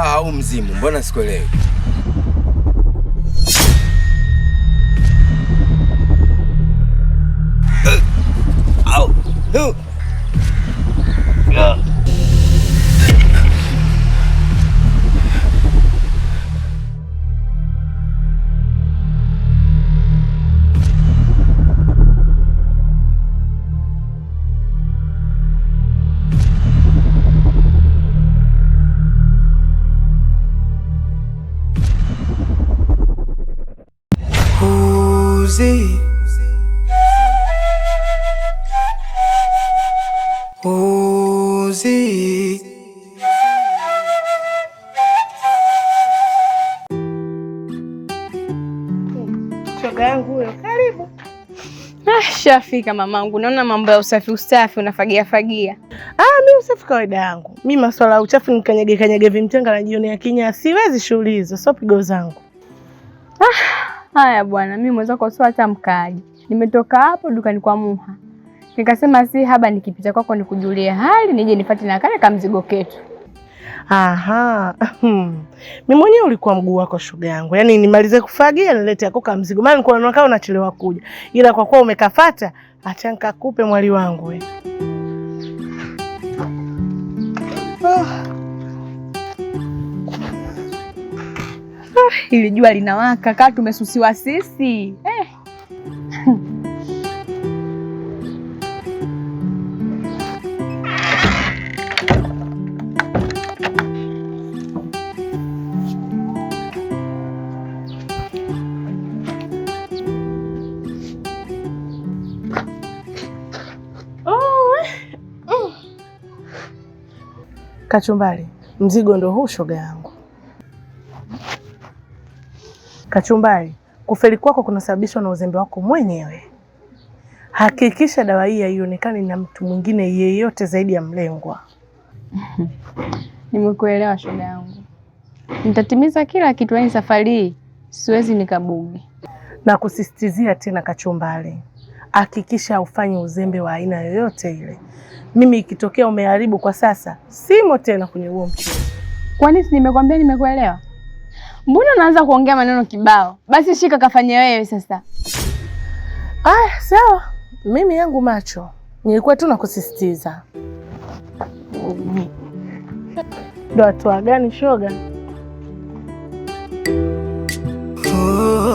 mjomba au mzimu? Mbona sikuelewi? uh, maumizi. huyo, ah, shafika mamangu, naona mambo ya usafi usafi unafagia fagia. Ah, mi usafi kawaida yangu mi, maswala ya uchafu nikanyage kanyage vimtenga na jioni ya kinya, siwezi shughuli hizo, sio pigo zangu. Ah, haya bwana, mi mweza sio hata mkaaji, nimetoka hapo dukani kwa Muha Nikasema si haba nikipita kwako nikujulie hali nije nipate na kale kamzigo ketu. Aha. Hmm. Mimi mwenyewe ulikuwa mguu wako shoga yangu. Yaani nimalize kufagia nilete yako kama mzigo. Maana nilikuwa naona kama unachelewa kuja. Ila kwa kuwa umekafata, acha nikakupe mwali wangu we. Ah. Ah, ili jua linawaka kaa tumesusiwa sisi. Eh. Kachumbari, mzigo ndo huu shoga yangu. Kachumbari, kufeli kwako kunasababishwa na uzembe wako mwenyewe. Hakikisha dawa hii haionekani na mtu mwingine yeyote zaidi ya mlengwa. Nimekuelewa shoga yangu, nitatimiza kila kitu, yaani safari hii siwezi nikabugi. Na kusisitizia tena Kachumbari, hakikisha ufanye uzembe wa aina yoyote ile. Mimi ikitokea umeharibu kwa sasa, simo tena kwenye huo mchezo. Kwa nini? Nimekwambia nimekuelewa. Mbona unaanza kuongea maneno kibao? Basi shika kafanya wewe sasa. Ah, sawa. Mimi yangu macho, nilikuwa tu nakusisitiza. Ndo hatua gani shoga? Oh.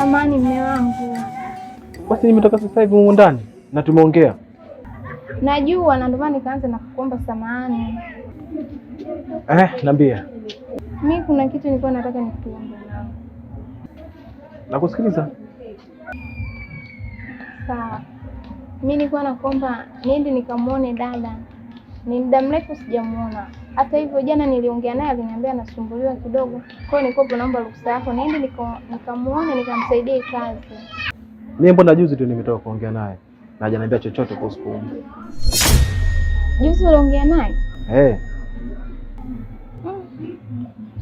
Samani mme wangu. Basi nimetoka sasa hivi humu ndani na tumeongea. Najua na ndio maana nikaanza na kukuomba samani. Eh, niambia. Mimi kuna kitu nilikuwa nataka nikuombe. Nakusikiliza. Sawa. Mimi nilikuwa nakuomba niende nikamwone dada. Ni muda mrefu sijamuona. Hata hivyo jana niliongea naye, aliniambia anasumbuliwa kidogo, kwa hiyo nikopo, naomba ruhusa yako niende nikamuone nikamsaidie kazi. Mimi mbona juzi tu nimetoka kuongea naye na hajaniambia chochote kuhusu Puma. Juzi uliongea naye? Hey. Eh. Hmm.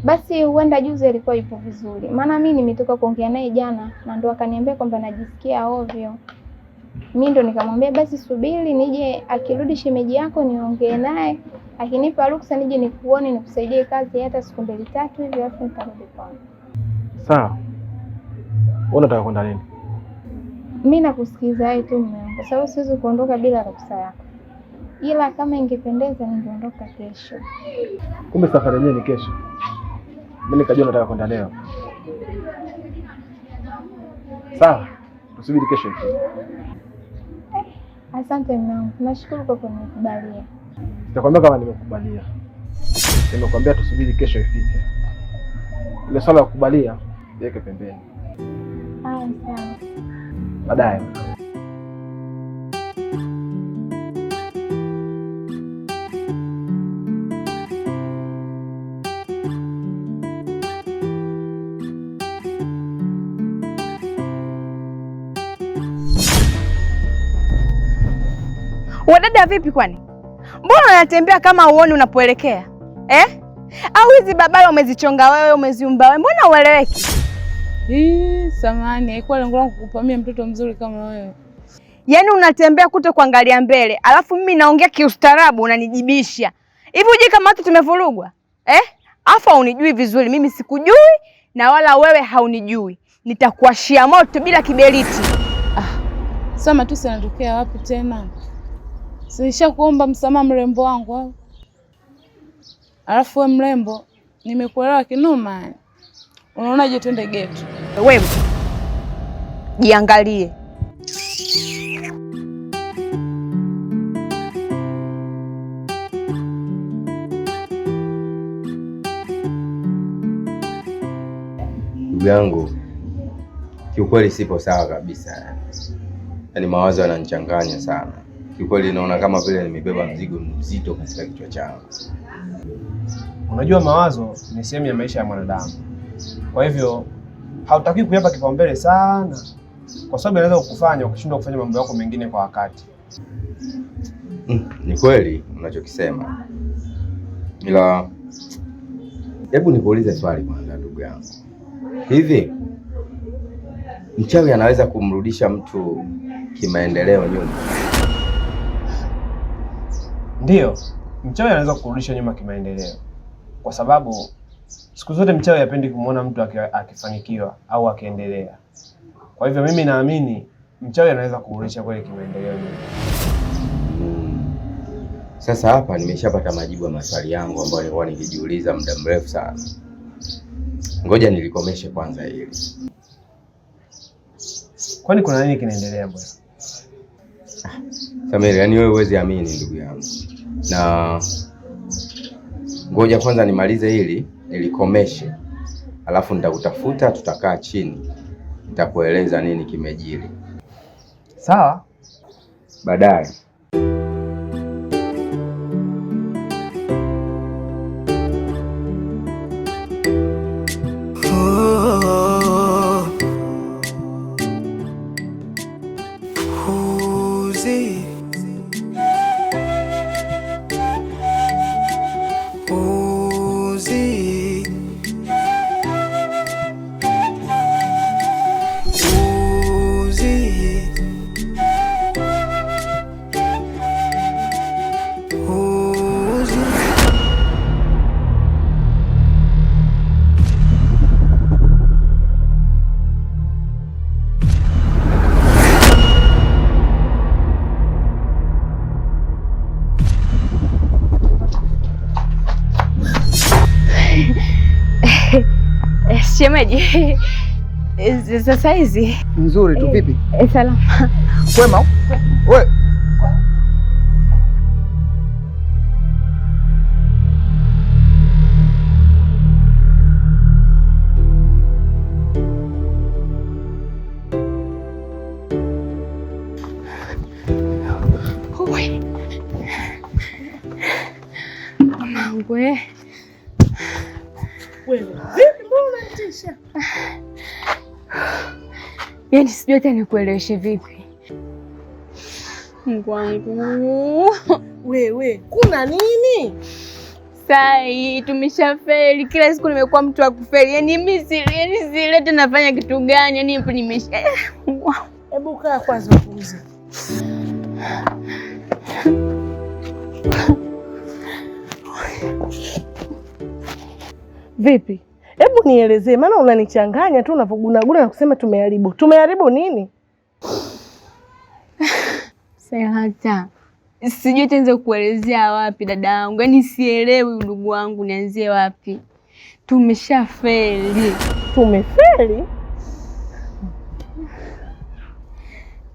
Basi huenda juzi alikuwa yupo vizuri, maana mi nimetoka kuongea naye jana na ndo akaniambia kwamba najisikia ovyo. Mi ndo nikamwambia basi subiri nije akirudi shemeji yako niongee naye akinipa ruksa nije nikuone nikusaidie kazi hata siku mbili tatu hivi, alafu nitarudi kwangu. Sawa, unataka kwenda nini? Mi nakusikiliza wewe tu mume wangu, kwa sababu siwezi kuondoka bila ruksa yako, ila kama ingependeza ningeondoka kesho. Kumbe safari yenyewe ni kesho, mi nikajua nataka kwenda leo. Sawa, tusubiri kesho. Eh, asante mwanangu, nashukuru kwa kunikubalia. Nitakwambia kama nimekubalia. Nimekwambia tusubiri kesho ifike. Ile swala ya kukubalia iweke pembeni. Baadaye. Wadada vipi kwani? Mbona unatembea kama uoni unapoelekea eh? Au hizi babai umezichonga wewe, umeziumba wewe, mbona ueleweki? Hii samani haikuwa lengo langu kukupamia mtoto mzuri kama wewe. Yaani unatembea kuto kuangalia mbele, alafu mimi naongea kiustarabu unanijibisha hivi. Ujui kama watu tumevurugwa eh? Afa, unijui vizuri, mimi sikujui na wala wewe haunijui. Nitakuashia moto bila kiberiti. Ah, sama tu, sinatokea wapi tena? Sinisha kuomba msamaha mrembo wangu. Alafu we mrembo, nimekuelewa kinoma. Unaonaje twende getu? Wewe jiangalie. Ndugu yangu, kiukweli sipo sawa kabisa, yaani mawazo yananichanganya sana kiukweli naona kama vile nimebeba mzigo mzito katika kichwa changu. Unajua, mawazo ni sehemu ya maisha ya mwanadamu, kwa hivyo hautakiwi kuyapa kipaumbele sana, kwa sababu inaweza kukufanya ukishindwa kufanya mambo yako mengine kwa wakati. Mm, ni kweli unachokisema, ila hebu nikuulize swali kwanza, ndugu yangu, hivi mchawi anaweza kumrudisha mtu kimaendeleo nyuma? Ndiyo, mchawi anaweza kukurudisha nyuma kimaendeleo, kwa sababu siku zote mchawi hapendi kumwona mtu akifanikiwa au akiendelea. Kwa hivyo mimi naamini mchawi anaweza kurudisha kweli kimaendeleo nyuma. Hmm. Sasa hapa nimeshapata majibu ya maswali yangu ambayo nilikuwa nikijiuliza muda mrefu sana. Ngoja nilikomeshe kwanza hili. Kwani kuna nini kinaendelea bwana? Ah, Samiri, yani wewe huwezi amini ndugu yangu na ngoja kwanza nimalize hili nilikomeshe, alafu nitakutafuta, tutakaa chini, nitakueleza nini kimejiri. Sawa, baadaye. Shemeji, eh, sasa hizi nzuri tu. Eh, vipi? Eh, salama. Kwema wewe? sijui hata nikueleweshe vipi. Mungu wangu wewe, kuna nini? Sai, tumeshafeli. Kila siku nimekuwa mtu wa kufeli. Yaani mimi silete yaani nafanya kitu gani? Yaani hapo nimesha. Eh, Hebu kaa kwanza upuuze. Vipi? Hebu nielezee, maana unanichanganya tu unavyogunaguna na kusema tumeharibu. Tumeharibu nini? Serata, sijui tenze kuelezea wapi dada yangu, yaani sielewi ndugu wangu, nianzie wapi? Tumeshafeli. Tumefeli?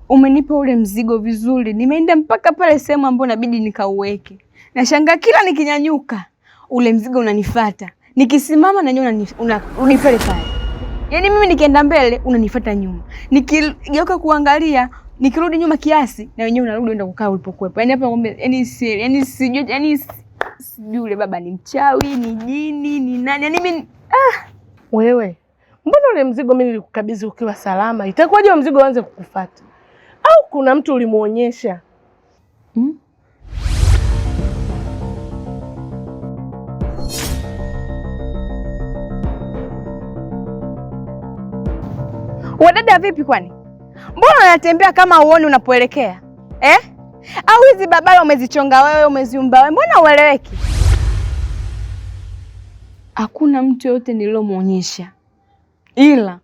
Umenipa ule mzigo vizuri, nimeenda mpaka pale sehemu ambayo inabidi nikauweke. Nashangaa kila nikinyanyuka ule mzigo unanifata Nikisimama na nyuma unipele pale, yaani mimi nikienda mbele unanifuata nyuma, nikigeuka kuangalia, nikirudi nyuma kiasi, na wenyewe unarudi unaenda kukaa ulipokuwepo. Yaani hapa ngombe, yaani sijui, yaani sijui yule baba ni mchawi, ni jini, ni nani? Yaani mimi ah, wewe mbona ule mzigo mimi nilikukabidhi ukiwa salama, itakuwaje mzigo uanze kukufuata? Au kuna mtu ulimuonyesha? hmm? Wadada vipi kwani? Mbona unatembea kama uone unapoelekea eh? Au hizi babara umezichonga wewe, umeziumba wewe, mbona ueleweki? Hakuna mtu yoyote nililomwonyesha, ila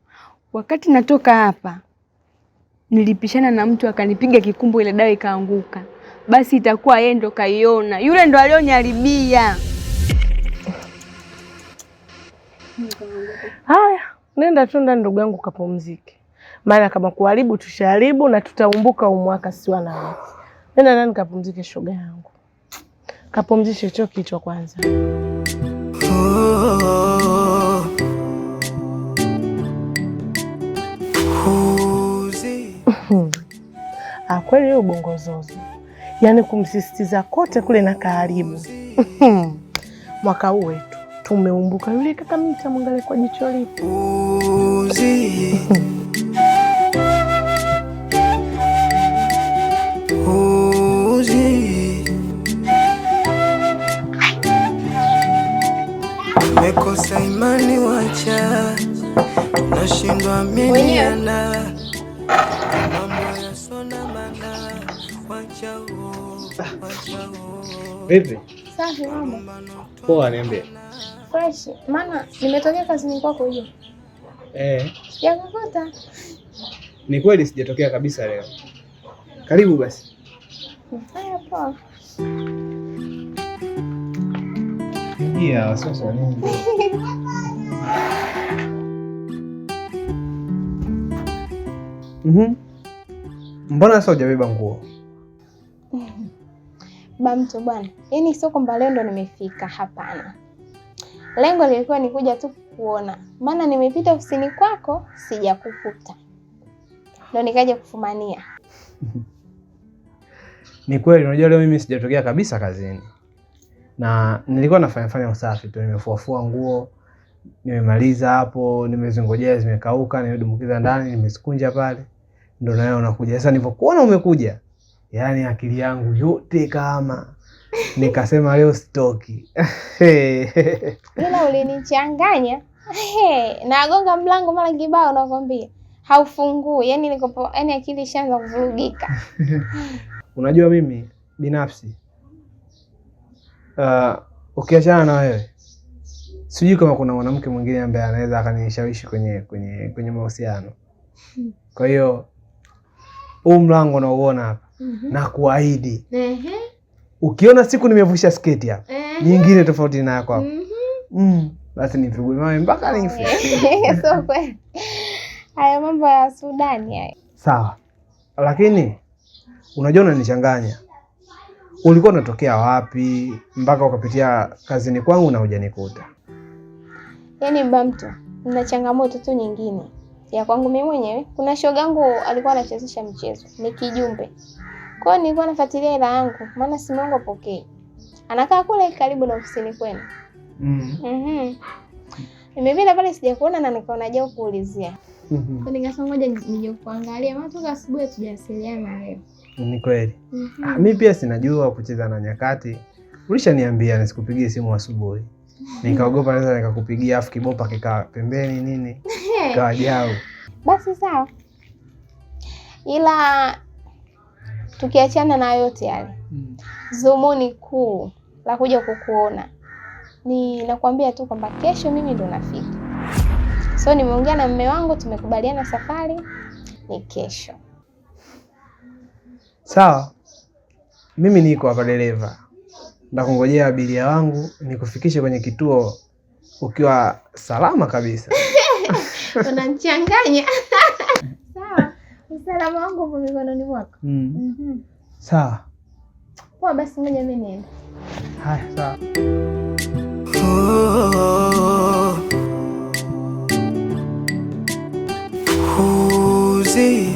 wakati natoka hapa nilipishana na mtu akanipiga kikumbo, ile dawa ikaanguka. Basi itakuwa yeye ndo kaiona, yule ndo alioniharibia. Haya nenda tu ndani, ndugu yangu, kapumzike, maana kama kuharibu tusharibu na tutaumbuka umwaka siwa na wewe. Nenda ndani kapumzike, shoga yangu, kapumzishe hicho kichwa kwanza. Oh. Ah, kweli hiyo ubongozozo, yaani kumsisitiza kote kule na kaharibu mwaka uwe tumeumbuka. Yule kaka mimi nitamwangalia kwa jicho lipi? Mekosa imani, wacha nashindwa aminiana vipi? Poa, niambie fresh, maana nimetokea kazini kwako hiyo eh. kukuta ni kweli, sijatokea kabisa leo. Karibu basi. Haya, poa. Yeah, sasa Mhm. Mbona sasa hujabeba nguo? bamto bwana, yaani sio kwamba leo ndo nimefika, hapana. Lengo lilikuwa ni kuja tu kuona, maana nimepita ofisini kwako sijakukuta, ndo nikaja kufumania. Ni kweli, unajua leo mimi sijatokea kabisa kazini na nilikuwa nafanyafanya usafi tu, nimefuafua nguo, nimemaliza hapo, nimezingojea zimekauka, nimedumbukiza ndani, nimezikunja pale, ndo nawe unakuja sasa. Nilivyokuona umekuja, yaani akili yangu yote kama nikasema leo sitoki. Ila ulinichanganya nagonga mlango mara kibao, nakwambia haufungui. Yani niko yani akili ishaanza kuvurugika. Unajua mimi binafsi uh, ukiachana na wewe sijui kama kuna mwanamke mwingine ambaye anaweza akanishawishi kwenye kwenye kwenye mahusiano. Hmm. Kwa hiyo huu mlango nauona hapa, mhm. kuahidi ukiona siku nimevusha sketi hapa nyingine tofauti na yako hapa, mm-hmm. mm. basi nipigwe mawe mpaka nife. so kweli hayo mambo ya Sudani haya Sawa, lakini unajua unanichanganya, ulikuwa unatokea wapi mpaka ukapitia kazini kwangu na hujanikuta? Yaani bamtu, na changamoto tu nyingine ya kwangu mimi mwenyewe. Kuna shogangu alikuwa anachezesha mchezo, ni kijumbe kwa hiyo nilikuwa nafuatilia hela yangu, maana simu yangu apokei. Anakaa kule karibu na ofisini kwenu. Mm. Mhm. Nimepita pale sijakuona na nikaona je kuulizia. Mhm. Kwa nikasema ngoja nije kuangalia, maana toka asubuhi hatujawasiliana leo. Ni kweli. Mhm. Ah, mimi pia sinajua kucheza na nyakati. Ulishaniambia nisikupigie simu asubuhi. Nikaogopa naweza nikakupigia afu kibopa kikaa pembeni nini? Kawa jao. Basi sawa. Ila Tukiachana na yote yale mm. Zumuni kuu la kuja kukuona ni nakwambia tu kwamba kesho mimi ndo nafika. So nimeongea na mme wangu, tumekubaliana safari ni kesho. Sawa, mimi niko hapa dereva, nakungojea abiria wangu nikufikishe kwenye kituo ukiwa salama kabisa. Unamchanganya Usalama wangu upo mikononi mwako. Mm. Mm -hmm. Sawa. Poa basi ngoja mimi niende. Haya, sawa. Oh, oh, oh.